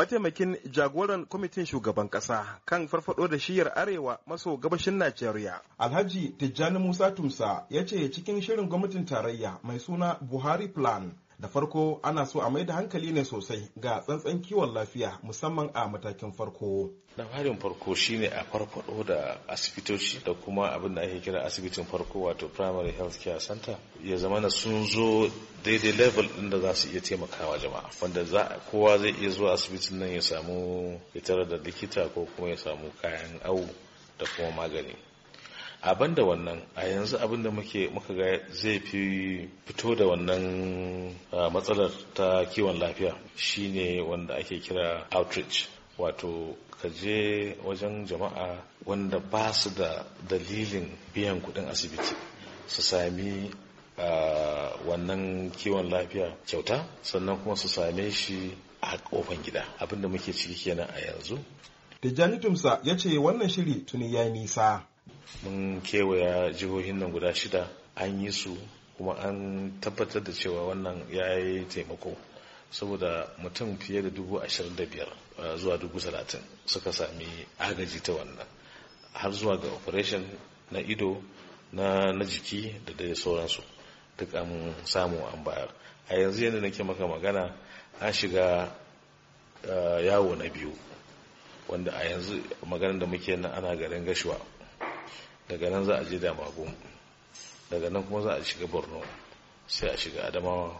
mataimakin jagoran kwamitin shugaban kasa kan farfado da shiyar arewa maso gabashin najeriya alhaji tijjani musa tumsa ya ce cikin shirin gwamnatin tarayya mai suna buhari plan da farko ana so a mai da hankali ne sosai ga tsantsan kiwon lafiya musamman a matakin farko na farin farko shine a farfado da asibitoci da kuma abin da ake kira asibitin farko wato primary health care center ya zama na sun zo daidai level din da za su iya taimakawa jama'a wanda kowa zai iya zuwa asibitin nan ya samu ya da likita ko kuma ya samu kayan awu da kuma magani a da wannan a yanzu abin da muka ga zai fi fito da wannan matsalar ta kiwon lafiya shine wanda ake kira outreach wato kaje wajen jama'a wanda ba su da dalilin biyan kudin asibiti su sami wannan kiwon lafiya kyauta sannan kuma su same shi a kofan gida abinda muke ciki kenan a yanzu Tijjani Tumsa ya ce wannan shiri tuni ya nisa mun kewaya jihohin nan guda shida an yi su kuma an tabbatar da cewa wannan ya yi taimako saboda mutum fiye da dubu ashirin da biyar zuwa dubu talatin suka sami agaji ta wannan har zuwa ga operation na ido na jiki da dai sauransu duk an samu an bayar a yanzu yadda nake maka magana an shiga yawo na biyu wanda a yanzu maganar da muke nan ana garin gashuwa daga nan za a je damagun daga nan kuma za a shiga borno sai a shiga adamawa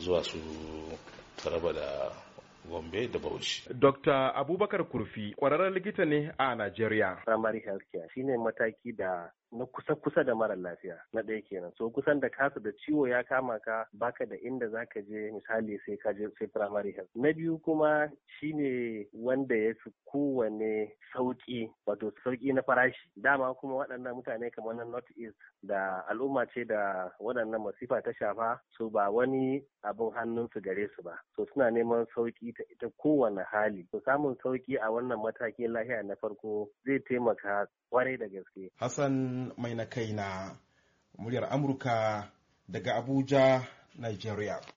zuwa su taraba da Gombe da Bauchi. Dr. Abubakar Kurfi, kwararren likita ne a Najeriya. Primary healthcare shine mataki da na kusa-kusa da mara lafiya na ɗaya kenan so kusan da kasa da ciwo ya kama ka baka da inda za ka je misali sai ka je sai primary health na biyu kuma shine wanda ya fi kowane sauki wato sauki na farashi dama kuma waɗannan mutane kamar na north east da al'umma ce da waɗannan masifa ta shafa so ba wani abin hannunsu gare su ba so suna neman sauki ta ita kowane hali to samun sauki a wannan matakin lahiya na farko zai taimaka kwarai da gaske hassan mai na kaina muryar amurka daga abuja nigeria